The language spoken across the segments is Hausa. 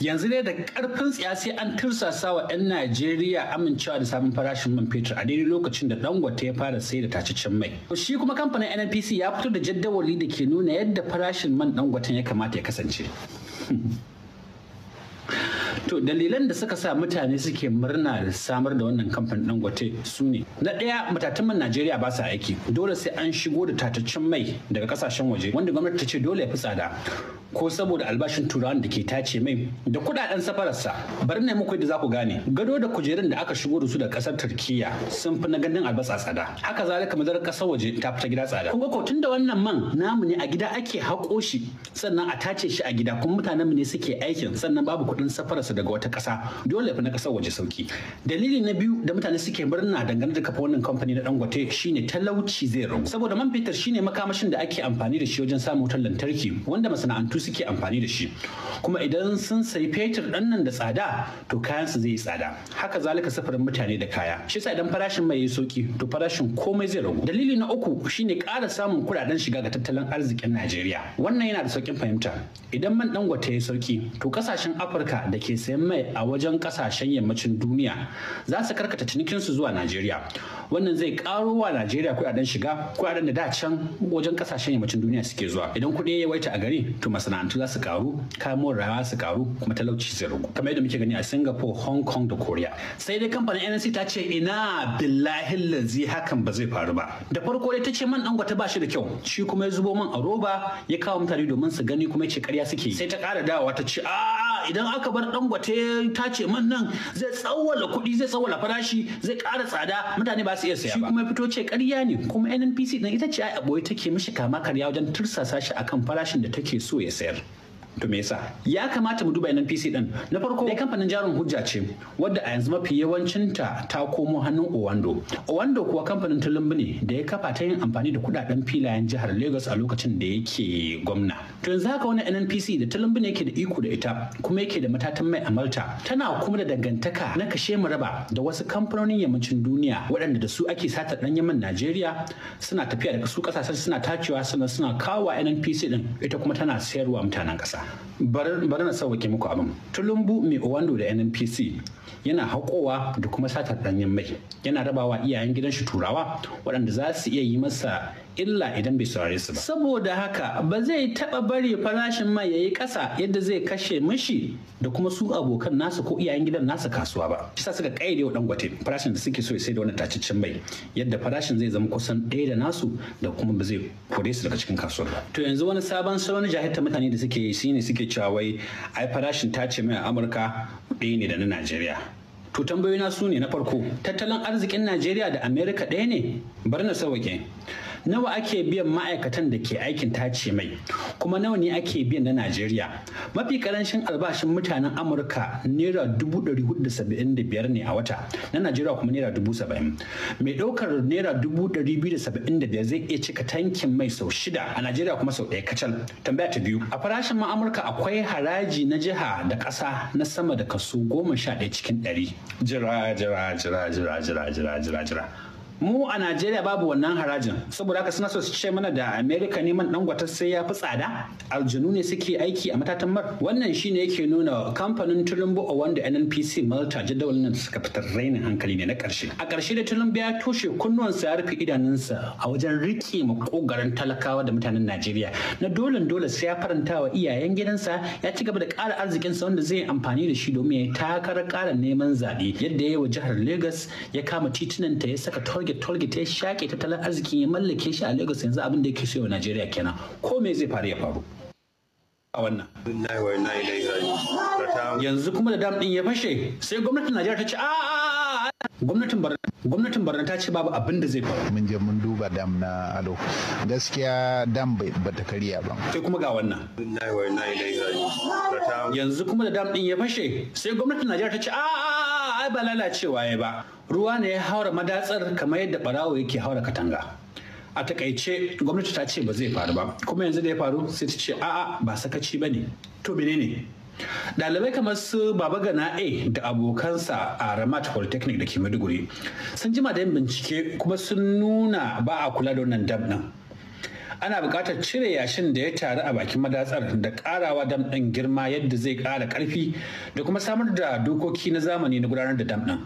yanzu ne da karfin tsiya sai an tursasa wa 'yan najeriya amincewa da sabon farashin man fetur a daidai lokacin da dangote ya fara sai da tacicin mai shi kuma kamfanin nnpc ya fito da jaddawali da ke nuna yadda farashin man dangoten ya kamata ya kasance to dalilan da suka sa mutane suke murna da samar da wannan kamfanin gwate su ne na ɗaya matatan najeriya ba sa aiki dole sai an shigo da tataccen mai daga kasashen waje wanda gwamnati ta ce dole ya fi tsada ko saboda albashin turawan da ke tace mai da kuɗaɗen safararsa bari ne muku da za ku gane gado da kujerun da aka shigo da su da ƙasar turkiya sun fi na gandun albasa tsada haka zalika madarar ƙasar waje ta fita gida tsada kun ko da wannan man namu ne a gida ake haƙo shi sannan a tace shi a gida kuma mutanen mu ne suke aikin sannan babu kuɗin safararsa kansa daga wata ƙasa dole fi na kasar waje sauki dalili na biyu da mutane suke murna dangane da kafa wannan kamfani na dangote shine talauci zai ragu saboda man fetur shine makamashin da ake amfani da shi wajen samun wutar lantarki wanda masana'antu suke amfani da shi kuma idan sun sayi fetur dan nan da tsada to kayan su zai yi tsada haka zalika safarin mutane da kaya shi yasa idan farashin mai yi sauki to farashin komai zai ragu dalili na uku shine ƙara samun kuɗaɗen shiga ga tattalin arzikin Najeriya wannan yana da sauƙin fahimta idan man dangote ya sauki to kasashen Afirka da ke sayan mai a wajen kasashen yammacin duniya za su karkata cinikinsu zuwa najeriya wannan zai karo wa najeriya kudaden shiga kudaden da da can wajen kasashen yammacin duniya suke zuwa idan kuɗi ya waita a gari to masana'antu za su karu kayan rayuwa su karu kuma talauci zai ragu kamar yadda muke gani a singapore hong kong da korea sai dai kamfanin nnc ta ce ina billahi lazi hakan ba zai faru ba da farko dai ta ce man dangote ba shi da kyau shi kuma ya zubo man a roba ya kawo mutane domin su gani kuma ya ce karya suke sai ta kara dawowa ta ce a idan aka bar dangote ta ce man nan zai tsawwala kuɗi zai tsawwala farashi zai ƙara tsada mutane ba su iya saya ba shi kuma fito ce ƙarya ne kuma NNPC ɗin ita ce ai aboye take mishi kama karya wajen tursasa shi akan farashin da take so ya sayar to me yasa ya kamata mu duba NNPC din na farko dai kamfanin jarin hujja ce wadda a yanzu mafi yawancinta ta komo hannun Owando Owando kuwa kamfanin tulumbu ne da ya kafa ta yin amfani da kudaden filayen jihar Lagos a lokacin da yake gwamna to yanzu haka wani NNPC da tulumbu ne yake da iko da ita kuma yake da matatan mai amalta tana kuma da dangantaka na kashe mu raba da wasu kamfanonin yammacin duniya waɗanda da su ake sata ɗan yaman Najeriya suna tafiya daga su ƙasashen suna tacewa suna suna kawo NNPC din ita kuma tana sayarwa mutanen ƙasa Gracias. bari na sauwake muku abin tulumbu mai owando da nnpc yana haƙowa da kuma sata ɗanyen mai yana rabawa iyayen gidan shi turawa waɗanda za su iya yi masa illa idan bai saurare su ba saboda haka ba zai taɓa bari farashin mai yayi ƙasa yadda zai kashe mishi da kuma su abokan nasu ko iyayen gidan nasu kasuwa ba shi sa suka kaide wa dangote farashin da suke so ya sai da wani tacaccen mai yadda farashin zai zama kusan ɗaya da nasu da kuma ba zai kore su daga cikin kasuwar ba to yanzu wani sabon salon jahilta mutane da suke yi shine suke cewa wai ai farashin tace mai a amurka ɗaya ne da na najeriya to tambayoyina su ne na farko tattalin arzikin najeriya da amerika ɗaya ne bar na sauke nawa ake biyan ma'aikatan da ke aikin tace mai kuma nawa ne ake biyan na najeriya mafi karancin albashin mutanen amurka naira dubu ne a wata na najeriya kuma naira dubu mai ɗaukar naira dubu zai iya cika tankin mai sau shida a najeriya kuma sau ɗaya kacal tambaya ta biyu a farashin ma amurka akwai haraji na jiha da ƙasa na sama da kaso goma sha ɗaya cikin ɗari jira jira jira jira jira jira jira jira mu a najeriya babu wannan harajin saboda haka suna so su ce mana da america neman gwata sai ya fi tsada aljanu ne suke aiki a matatan mar wannan shine yake nuna kamfanin tulumbu a wanda nnpc malta jadawalin nan suka fitar rainin hankali ne na karshe a karshe da tulumbu ya toshe kunnuwan ya rufe idanunsa a wajen rike kokarin talakawa da mutanen najeriya na dolen dole sai ya faranta wa iyayen gidansa ya ci gaba da ƙara sa wanda zai amfani da shi domin ya takarar ƙara neman zaɓe yadda ya yi wa jihar lagos ya kama titunanta ya saka torge target target ya shaƙe tattalin arziki ya mallake shi a Lagos yanzu abin da yake so Najeriya kenan ko me zai faru ya faru a wannan yanzu kuma da dam din ya fashe sai gwamnatin Najeriya ta ce a gwamnatin Barna gwamnatin Barna ta ce babu abin da zai faru mun je mun duba dam na Ado gaskiya dam ba ta karya ba sai kuma ga wannan yanzu kuma da dam din ya fashe sai gwamnatin Najeriya ta ce a ai ba lalacewa ya ba ruwa ne ya haura madatsar kamar yadda barawo yake haura katanga a takaice gwamnati ta ce ba zai faru ba kuma yanzu da ya faru sai ta ce a'a ba sakaci ba ne to menene Dalibai kamar su Baba Gana A da abokansa a Ramat Polytechnic da ke Maiduguri sun jima da yin bincike kuma sun nuna ba a kula da wannan dam din Ana buƙatar cire yashin da ya taru a bakin madatsar da ƙarawa dam din girma yadda zai ƙara ƙarfi da kuma samar da dokoki na zamani na gudanar da dam din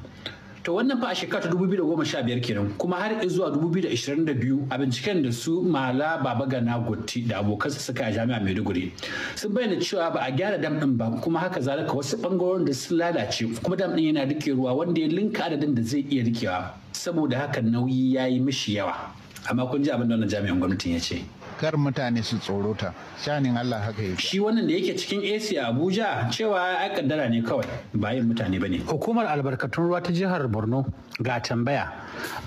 to wannan fa a shekara ta 2015 kenan kuma har zuwa 2022 a binciken da su mala baba gana gotti da abokansa suka a jami'a maiduguri sun bayyana cewa ba a gyara dam din ba kuma haka zalika wasu bangarorin da sun lalace kuma dam din yana rike ruwa wanda ya linka adadin da zai iya rikewa saboda haka nauyi ya yi mishi yawa amma kun ji abin da wannan jami'an gwamnatin ya ce kar mutane su tsoro ta, shanin Allah haka yake shi wannan da yake cikin AC a Abuja cewa ai kaddara ne kawai ba yin mutane bane hukumar albarkatun ruwa ta jihar Borno ga tambaya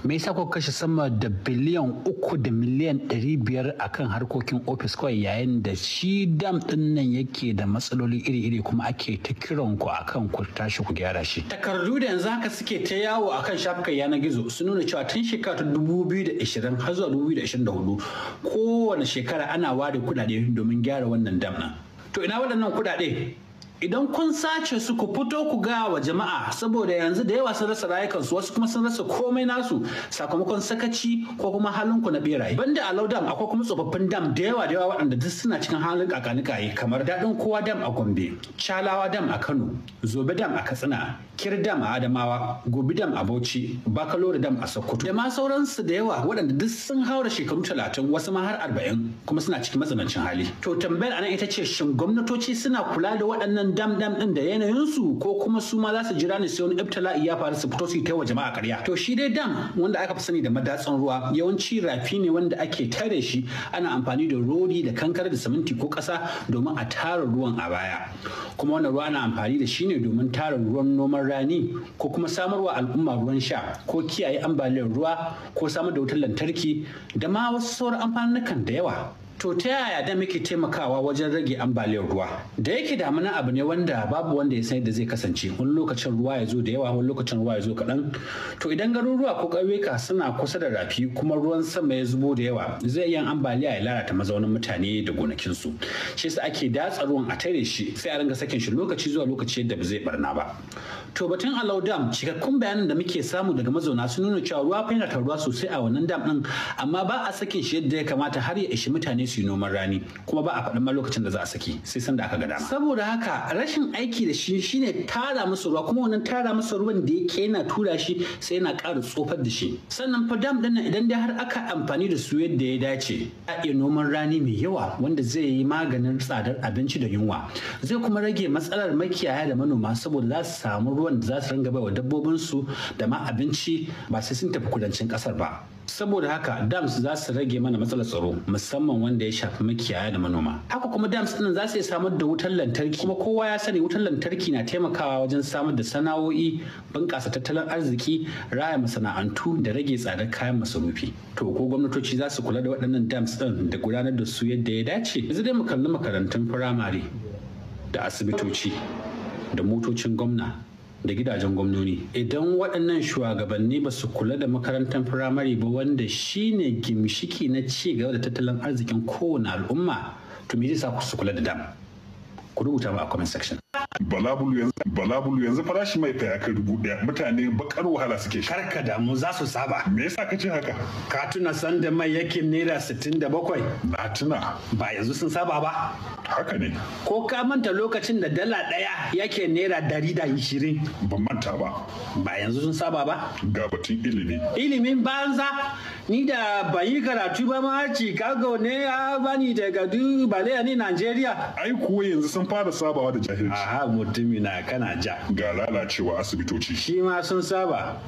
me yasa ko kashe sama da biliyan uku da miliyan ɗari biyar akan harkokin ofis kawai yayin da shi dam din nan yake da matsaloli iri-iri kuma ake ta kiran ku akan ku tashi ku gyara shi takardu da yanzu haka suke ta yawo akan shafukan yanar gizo su nuna cewa tun shekara ta 2020 har zuwa 2024 kowane kowane shekara ana ware kudade domin gyara wannan damna. to ina waɗannan kudade. idan kun sace su ku fito ku ga wa jama'a saboda yanzu da yawa sun rasa rayukansu wasu kuma sun rasa komai nasu sakamakon sakaci ko kuma halin ku na beraye banda a dam akwai kuma tsofaffin dam da yawa da yawa waɗanda duk suna cikin halin kakanikaye kamar daɗin kowa dam a gombe chalawa dam a kano zobe dam a katsina kir dam a adamawa gobi dam a bauchi bakalore dam a sokoto da ma sauransu da yawa waɗanda duk sun haura shekaru talatin wasu ma har arba'in kuma suna cikin matsanancin hali to tambayar anan ita ce shin gwamnatoci suna kula da waɗannan dam damdam din da yanayin su ko kuma su ma za su jira ne sai wani ibtila'i ya faru su fito su yi wa jama'a karya to shi dai dam wanda aka fi sani da madatsan ruwa yawanci rafi ne wanda ake tare shi ana amfani da rodi da kankara da siminti ko kasa domin a tara ruwan a baya kuma wannan ruwa ana amfani da shi ne domin tara ruwan noman rani ko kuma samarwa al'umma ruwan sha ko kiyaye ambaliyar ruwa ko samar da wutar lantarki da ma wasu sauran kan da yawa To ta yaya da muke taimakawa wajen rage ambaliyar ruwa? Da yake damuna abu ne wanda babu wanda ya san da zai kasance. Wani lokacin ruwa ya zo da yawa, wani lokacin ruwa ya zo kaɗan. To idan garuruwa ko ƙauyuka suna kusa da rafi kuma ruwan sama ya zubo da yawa, zai iya ambaliya ya lalata mazaunin mutane da gonakinsu. Shi yasa ake datsa ruwan a tare shi sai a ringa sakin shi lokaci zuwa lokaci yadda ba zai barna ba. To batun Alau Dam cikakkun bayanan da muke samu daga mazauna sun nuna cewa ruwa fa yana taruwa sosai a wannan dam ɗin amma ba a sakin shi yadda ya kamata har ya ishi mutane su yi noman rani kuma ba a faɗin ma lokacin da za a saki sai sanda aka ga dama saboda haka rashin aiki da shi shine tara masa ruwa kuma wannan tara masa ruwan da yake yana tura shi sai yana ƙara tsofar da shi sannan fa dam ɗin idan dai har aka amfani da su yadda ya dace a iya noman rani mai yawa wanda zai yi maganin tsadar abinci da yunwa zai kuma rage matsalar makiyaya da manoma saboda za su samu ruwan da za su ringa baiwa dabbobinsu da ma abinci ba sai sun tafi kudancin ƙasar ba saboda haka dams za su rage mana matsalar tsaro musamman wanda ya shafi makiyaya da manoma haka kuma dams din za su samar da wutar lantarki kuma kowa ya sani wutar lantarki na taimakawa wajen samar da sana'o'i bunƙasa tattalin arziki raya masana'antu da rage tsadar kayan masarufi to ko gwamnatoci za su kula da waɗannan dams ɗin da gudanar da su yadda ya dace yanzu dai mu kalli makarantun firamare da asibitoci da motocin gwamna da gidajen gwamnoni idan waɗannan shugabanni ba su kula da makarantar firamare ba wanda shi ne gimshiki na ci gaba da tattalin arzikin kowane al'umma to me zai sa ku su kula da dam ku rubuta mu a comment section balabulu yanzu farashi mai ta kai dubu daya mutane bakar wahala suke shi karka damu za su saba me yasa ka ce haka ka tuna sanda mai yake naira sittin da bakwai na tuna ba yanzu sun saba ba haka ne ko ka manta lokacin da dala daya yake naira dari da ishirin ban manta ba ba yanzu sun saba ba ga batun ilimi ilimin banza ni da ban yi karatu ba ma Chicago ne ya bani daga du bale ni Najeriya. Ai kuwa yanzu sun fara sabawa da jahilci. Aha mutumi na kana ja. Ga lalacewa asibitoci. Shi ma sun saba.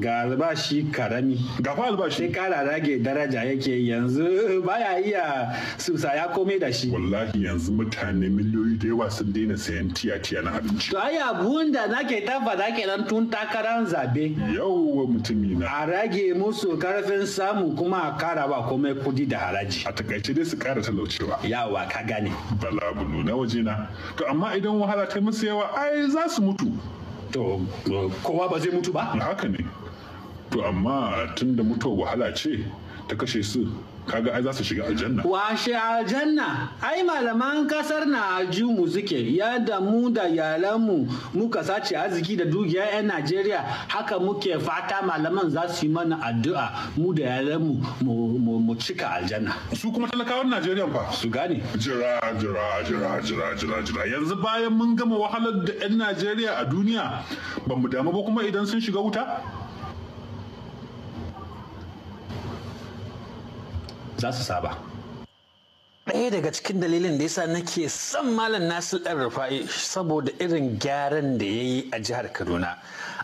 ga albashi karami ga fa albashi sai kara rage daraja yake yanzu eh, baya iya susa ya komai da shi wallahi yanzu mutane miliyoyi da yawa sun daina sayan tiya tiya na abinci to ai abun da nake tabbata kenan tun takarar zabe yau mutumi na a rage musu karfin samu kuma a kara ba komai kudi da haraji a takaice dai su kara talaucewa yawa ka gane bala bulu na waje na to amma idan wahala ta musu yawa ai za su mutu to kowa ba zai mutu ba haka ne to amma tun da mutuwa wahala ce ta kashe su kaga ai za su shiga aljanna washe aljanna ai malaman kasar na mu suke yadda mu da yalanmu muka sace arziki da dukiya 'yan najeriya haka muke fata malaman za su yi mana addu'a mu da yalanmu mu cika aljanna su kuma talakawan najeriya fa su gane jira jira jira jira jira jira yanzu bayan mun gama wahalar da 'yan najeriya a duniya ba mu damu ba kuma idan sun shiga wuta za su saba ɗaya daga cikin dalilin da yasa nake son malam nasir ɗan rufa'i saboda irin gyaran da ya yi a jihar kaduna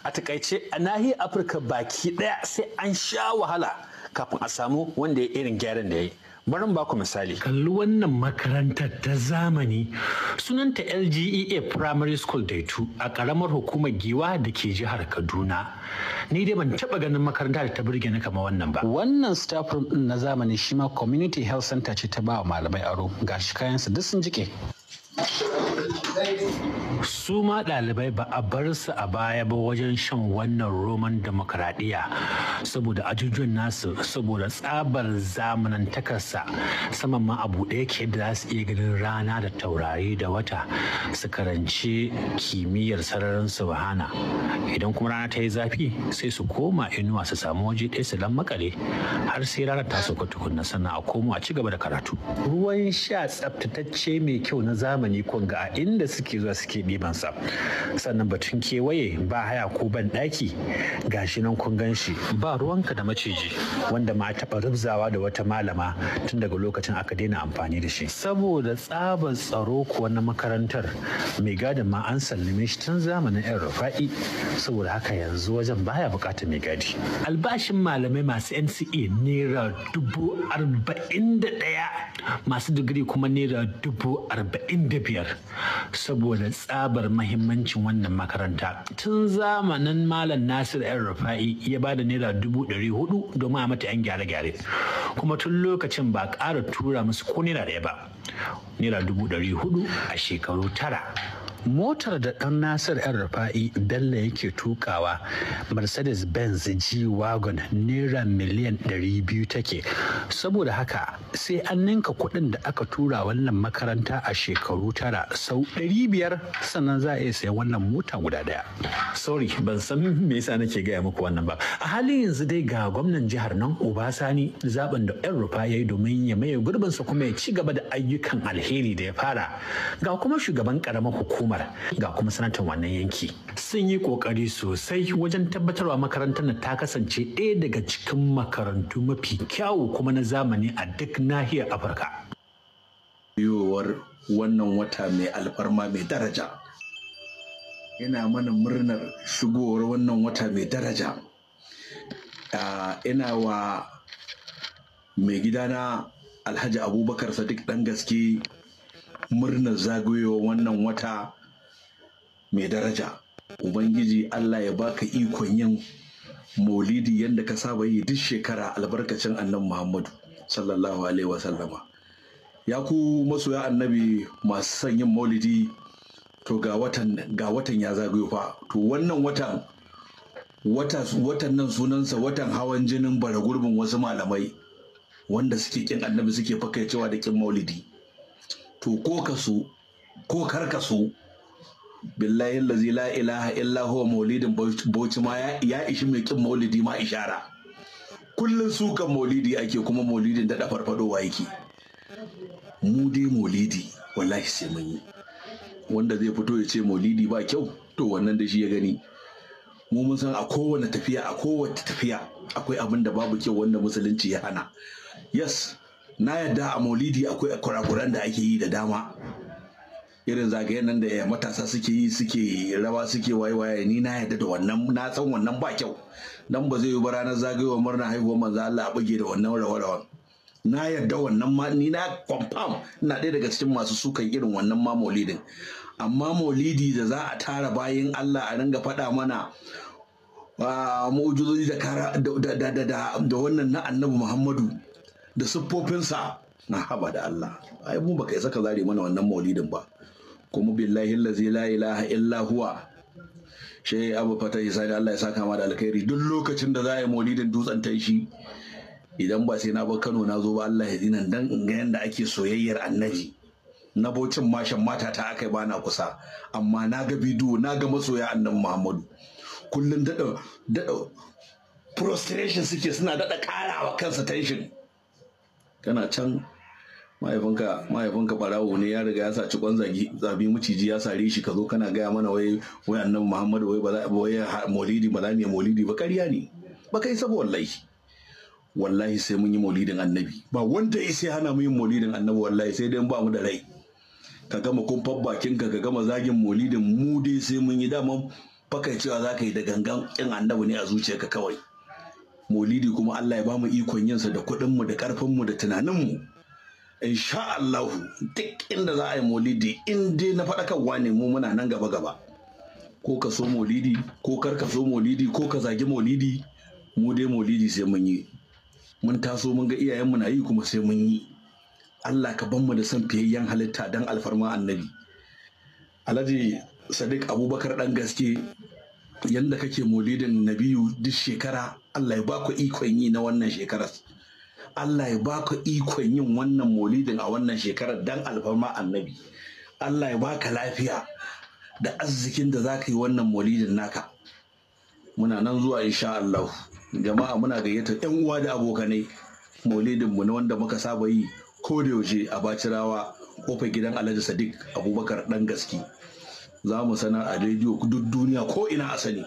a takaice a nahiyar afirka baki ɗaya sai an sha wahala kafin a samu wanda ya irin gyaran da ya yi bari ba ku misali kalli wannan makarantar ta zamani sunanta lgea primary school 2 a karamar hukumar giwa da ke jihar kaduna ni dai ban taɓa ganin makaranta da ta burge ni kama wannan ba wannan staff room din na zamani shi ma community health center ce ta ba wa malamai aro Ga shi su duk sun jike su ma ɗalibai ba a bar su a baya ba wajen shan wannan roman demokradiyya saboda ajujuwan nasu saboda tsabar zamanantakarsa saman ma a buɗe ke da za su iya ganin rana da taurari da wata su karanci kimiyyar sararin su subhana idan kuma rana ta yi zafi sai su koma inuwa su samu waje ɗaya su lammakale har sai rana ta sauka tukunna sannan a komo a ci gaba da karatu ruwan sha tsaftatacce mai kyau na zamani kunga a inda suke zuwa suke biya ribansa sannan batun kewaye ba haya ko ban ɗaki gashi nan kun gan shi ba ruwanka da maciji wanda ma taɓa rubzawa da wata malama tun daga lokacin aka daina amfani da shi saboda tsabar tsaro kuwa na makarantar mai gadin ma an sallame shi tun zamanin yan rufa'i saboda haka yanzu wajen baya bukatar mai gadi albashin malamai masu nce naira dubu arba'in da ɗaya masu digiri kuma naira dubu arba'in da biyar saboda tsabar mahimmancin wannan makaranta tun zamanin malam nasir yan rufa'i ya ba da naira dubu ɗari hudu domin a mata yan gyare-gyare kuma tun lokacin ba ƙara tura musu ko naira ɗaya ba naira dubu ɗari hudu a shekaru tara motar da dan nasir yan rufa'i bello yake tukawa mercedes benz g-wagon naira miliyan 200 take saboda haka sai an ninka kuɗin da aka tura wannan makaranta a shekaru tara sau 500 sannan za a iya sayan wannan mota guda daya sorry ban san me yasa nake gaya muku wannan ba a halin yanzu dai ga gwamnan jihar nan obasani zaben da yan rufa ya yi domin ya maye gurbinsa kuma ya ci gaba da ayyukan alheri da ya fara ga kuma shugaban karamar hukuma. al'ummar ga kuma sanatar wannan yanki sun yi kokari sosai wajen tabbatarwa makarantar ta kasance ɗaya daga cikin makarantu mafi kyawu kuma na zamani a duk nahiyar afirka yiwuwar wannan wata mai alfarma mai daraja ina mana murnar shigowar wannan wata mai daraja ina wa mai gida na alhaji abubakar sadiq dan gaske murnar zagayowar wannan wata mai daraja ubangiji Allah ya baka ikon yin maulidi yadda ka saba yi duk shekara albarkacin annan muhammadu sallallahu alaihi wasallama ya ku masoya annabi masu son yin maulidi to ga watan ya zagayo fa to wannan watan watan nan sunansa watan hawan jinin bara gurbin wasu malamai wanda suke kin annabi suke cewa da kin maulidi to ko ka so ko kar ka so billahi lazi la ilaha illa huwa maulidin bauchi ma ya ishi mai kin maulidi ma ishara kullum sukan maulidi ake kuma maulidin da farfadowa yake mu dai maulidi wallahi sai mun yi wanda zai fito ya ce maulidi ba kyau to wannan da shi ya gani mu mun san a kowane tafiya a kowace tafiya akwai abin da babu kyau wanda musulunci ya hana yes na yadda a maulidi akwai kurakuran da ake yi da dama irin zagayen nan da matasa suke yi suke rawa suke waye-waye ni na yadda da wannan na san wannan ba kyau dan ba zai yi ba ranar zagayowar murnar haihuwar manzo Allah a buge da wannan rawa-rawan na yadda wannan ma ni na confirm ina ɗaya daga cikin masu sukan irin wannan ma maulidin amma maulidi da za a tara bayan Allah a ringa faɗa mana ah, mu'ujizoji da wannan na annabi Muhammadu da siffofinsa na haba da Allah ai mu baka isa saka zare mana wannan maulidin ba kuma billahi lazi la ilaha illa huwa shi abu fata isa da Allah ya sa kama da alkhairi duk lokacin da za a yi maulidin dutsen ta shi idan ba sai na ba Kano na zo ba Allah ya dinan dan in ga yanda ake soyayyar annabi na bocin mashan mata ta aka ba na kusa amma na ga bidiyo na ga masoya annabi Muhammadu kullun dada prostration suke suna daɗa dada karawa kansa tension kana can mahaifinka mahaifinka barawo ne ya riga ya saci kwan zabi maciji ya sare shi ka zo kana gaya mana wai wai annabi muhammadu wai molidi. maulidi ba za ba kariya ne ba kai sabo wallahi wallahi sai mun yi maulidin annabi ba wanda ya sai hana mu yin maulidin annabi wallahi sai dai ba mu da rai ka gama kumfar bakin ka ka gama zagin maulidin mu dai sai mun yi dama fakai cewa za ka yi da gangan kin annabi ne a zuciyarka kawai maulidi kuma Allah ya ba mu ikon yinsa da kuɗinmu da ƙarfinmu da tunaninmu insha Allahu duk inda za a yi maulidi in dai na faɗakarwa ne mu muna nan gaba gaba ko ka so maulidi ko kar ka so maulidi ko ka zagi maulidi mu dai maulidi sai mun yi mun taso mun ga iyayen mu na yi kuma sai mun yi Allah ka ban mu da son fiyayyen halitta dan alfarma annabi Alhaji Sadiq Abubakar dan gaske yanda kake maulidin nabiyu duk shekara Allah ya ba ku ikon yi na wannan shekarar Allah ya baka ikon yin wannan maulidin a wannan shekarar dan alfarma annabi Allah ya baka lafiya da arzikin da zaka yi wannan maulidin naka muna nan zuwa insha Allah jama'a muna gayyatar yan uwa da abokanai maulidin mu na wanda muka saba yi ko da yaushe a bacirawa kofar gidan Alhaji Sadiq Abubakar dan gaski za mu sanar a rediyo duk duniya ko ina a sani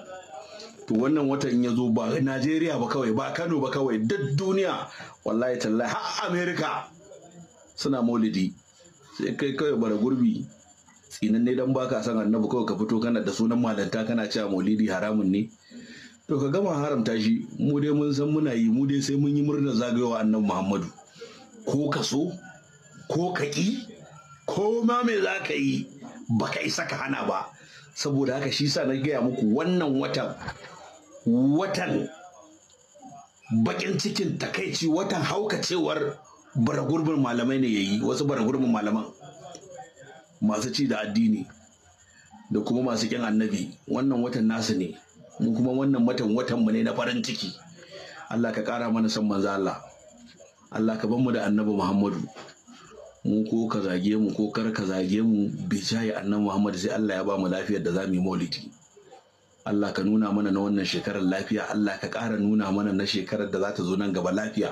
to wannan watan ya zo ba Najeriya ba kawai ba Kano ba kawai duk duniya wallahi tallahi har Amerika suna maulidi sai kai kawai bara gurbi tsinanne dan baka san annabi kawai ka fito kana da sunan malanta kana cewa maulidi haramun ne to ka gama haramta shi mu dai mun san muna yi mu dai sai mun yi murnar zagayowa annabi Muhammadu ko ka so ko ka ki ko ma me za ka yi baka isa ka hana ba saboda haka shi sa na gaya muku wannan watan watan bakin cikin takaici watan haukacewar gurbin malamai ne ya yi. wasu baragurbin malaman masu ci da addini da kuma masu kyan annabi wannan watan nasu ne mu kuma wannan watan watan mu ne na farin ciki Allah ka kara mana san manzo Allah Allah ka bar mu da annabi Muhammadu mu ko ka zage mu ko kar ka zage mu bi annabi Muhammadu sai Allah ya ba mu lafiyar da za mu yi maulidi Allah ka nuna mana na wannan shekarar lafiya Allah ka ƙara nuna mana na shekarar da za ta zo nan gaba lafiya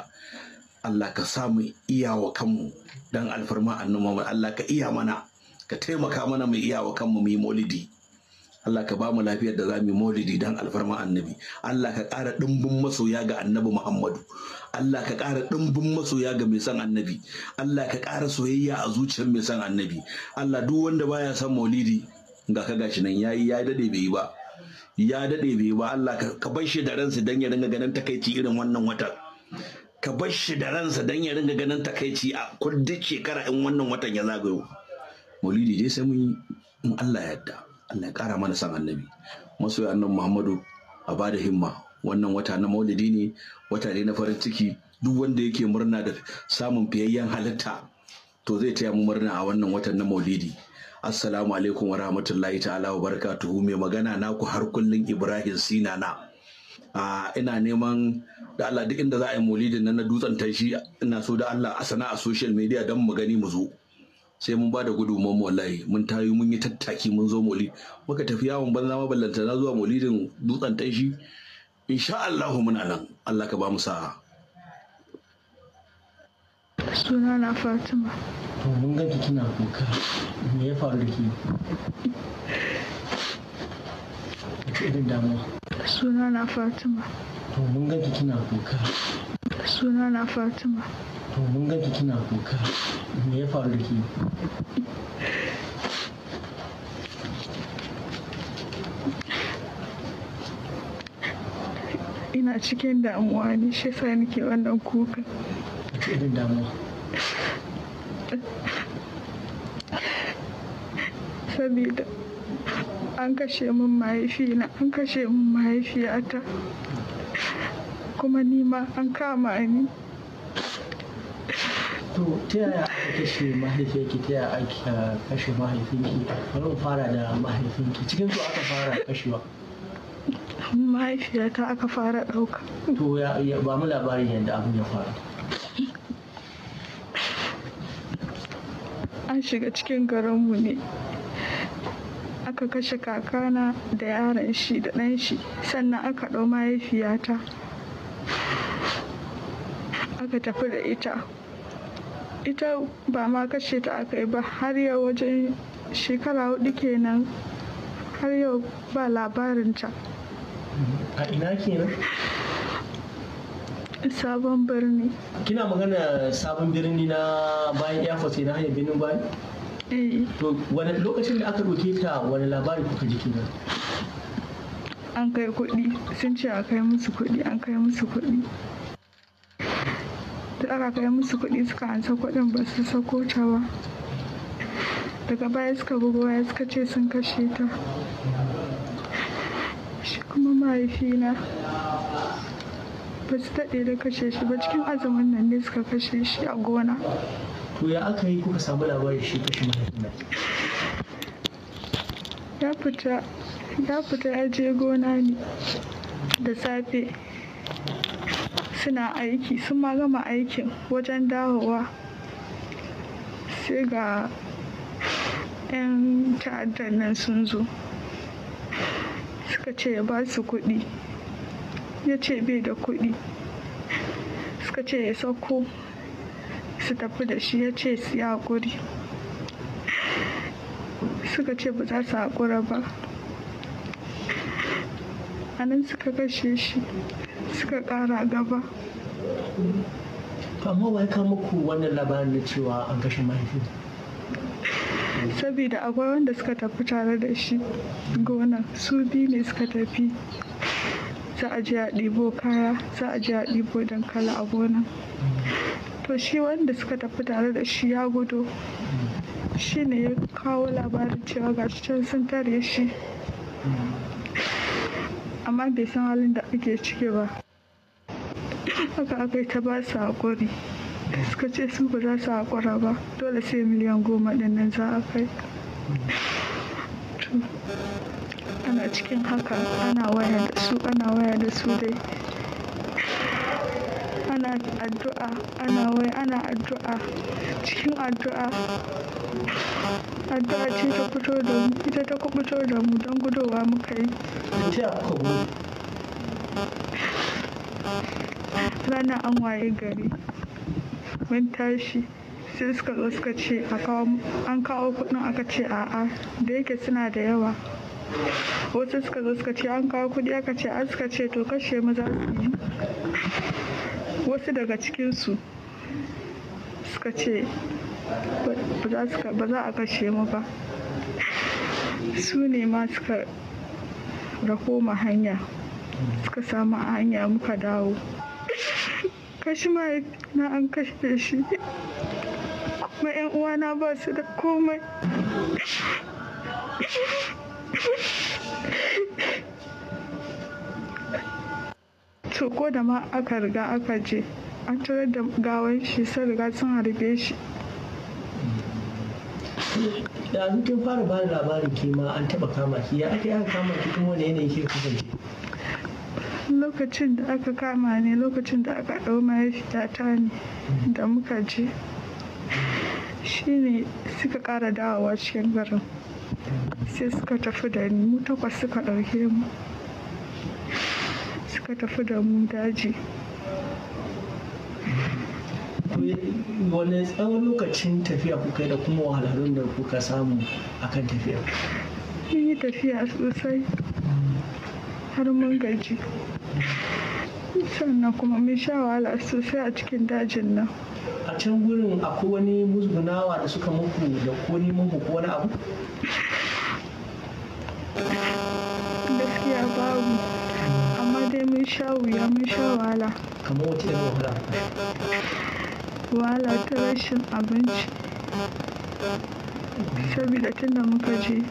Allah ka sa iya wa kanmu dan alfarma annabawa Allah ka iya mana ka taimaka mana mu iyawa kanmu mu yi maulidi Allah ka ba mu lafiyar da za mu yi maulidi dan alfarma annabi Allah ka ƙara ɗimbin masoya ga annabi Muhammadu Allah ka ƙara ɗimbin masoya ga mai son annabi Allah ka ƙara soyayya a zuciyar mai son annabi Allah duk wanda baya son maulidi ga ka gashi nan yayi ya dade bai yi ba ya daɗe bai ba Allah ka bar shi da ransa dan ya ringa ganin takaici irin wannan watan ka bar shi da ransa dan ya ringa ganin takaici a duk shekara in wannan watan ya zagayo maulidi dai sai mun in Allah ya yarda Allah ya ƙara mana san annabi masoyi annabi Muhammadu a bada himma wannan wata na maulidi ne wata ne na farin ciki duk wanda yake murna da samun fiyayyen halitta to zai taya mu murna a wannan watan na maulidi Assalamu alaikum wa rahmatullahi ta'ala wa barakatuhu mai magana naku har kullun Ibrahim Sina na. ina neman da Allah duk inda za a yi maulidin nan na dutsen tashi ina so da Allah a sana'a social media don mu gani mu zo. sai mun ba da gudunmu wallahi mun tayi mun yi tattaki mun zo maulid muka tafi yawon banza maballanta na zuwa maulidin dutsen tashi insha Allahu muna nan Allah ka ba mu sa'a Suna na Fatima to mun ki kina kuka me ya faru da ke wace irin damuwa suna na fatima to mun ga ki kina kuka suna na fatima to mun ga ki kina kuka me ya faru da ke ina cikin damuwa ne shi sa nake wannan kuka irin damuwa Sabida an kashe min mahaifina, an kashe min mahaifiyata kuma ni ma an kama ni. To, ta yaya aka kashe mahaifiyarki, ta yaya aka kashe mahaifinki? Bari mu fara da mahaifinki. Cikin su aka fara kashewa. Mahaifiyata aka fara ɗauka. To, ba mu labarin yadda abin ya faru. an shiga cikin garinmu ne aka kashe kakana da yaran shi da ɗan shi sannan aka ɗau mahaifiyata aka tafi da ita ita ba ma kashe ta aka yi ba har yau wajen shekara hudu kenan har yau ba labarinta a ina kenan sabon birni kina magana sabon birni na bayan airport sai na hanyar birnin bayan eh. to wani lokacin da aka roke ta wani labari kuka ji kina an kai kuɗi sun ce a kai musu kuɗi an kai musu kuɗi da aka kai musu kuɗi suka ansa kuɗin ba su sako ta ba daga baya suka bugu waya suka ce sun kashe ta shi kuma mahaifina ba su daɗe da kashe shi ba cikin azumin nan ne suka kashe shi a gona to ya aka yi kuka samu labarin shi kashe mahaifin ya fita ya je gona ne da safe suna aiki sun ma gama aikin wajen dawowa sai ga 'yan ta'addar nan sun zo suka ce ya ba su kuɗi ya ce bai da kuɗi suka ce ya sauko su tafi da shi ya ce su ya guri suka ce ba za su haƙura ba a nan suka kashe shi suka ƙara gaba kamar wai ka muku wannan labarin da cewa an kashe mahaifin saboda akwai wanda suka tafi tare da shi gona su biyu ne suka tafi za a je a ɗibo kaya za a je a ɗibo dankali a gona to shi wanda suka tafi tare da shi ya gudu shi ne ya kawo labarin cewa ga can sun tare shi amma bai san halin da ake ciki ba haka aka yi ta ba su haƙuri suka ce sun ba za su haƙura ba dole sai miliyan goma ɗin nan za a kai a cikin haka ana waya da su ana waya da su dai ana addu'a ana waya ana addu'a cikin addu'a addu'a ce ta fito da mu ita ta fito da mu don gudowa muka yi rana an waye gari mun tashi sai suka zo suka ce an kawo kudin aka ce a'a da yake suna da yawa wasu suka zo suka ce an kawo kudi aka ce an suka ce to kashe mu za su yi wasu daga cikinsu suka ce ba za a kashe mu ba su ne ma suka rako ma hanya suka samu hanya muka dawo kashi ma na an kashe shi ma 'yan uwana ba su da komai to ko da ma aka riga aka je an tarar da gawan shi sun riga sun harbe shi yanzu kin fara ba da labarin ke ma an taba kama ki ya ake aka kama ki kuma wani yanayi kika kasance lokacin da aka kama ne lokacin da aka ɗau ta ne da muka je shine suka ƙara dawowa cikin garin sai suka tafi da ni mu takwas suka ɗauke mu suka tafi da mu daji wani tsawon lokacin tafiya kuka da kuma wahalarun da kuka samu akan tafiya yi tafiya sosai har mun gaji sannan kuma mun sha wahala sosai a cikin dajin nan a can gurin akwai wani musgunawa da suka muku da ko neman ko wani abu gaskiya babu amma dai mun sha wuya mun sha wahala kamar irin wahala wahala ta rashin abinci saboda tun da muka je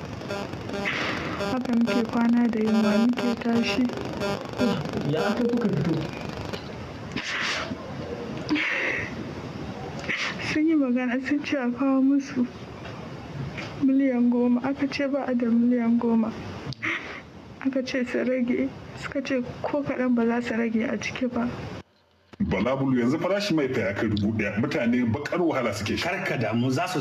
haka muke kwana da yamma muke tashi ya aka kuka fito magana sun ce a kawo musu miliyan goma aka ce ba a da miliyan goma aka ce su rage suka ce ko kaɗan ba za su rage a ciki ba balabulu yanzu farashi mai ta ya dubu ɗaya mutane bakar wahala suke shi. ka damu za su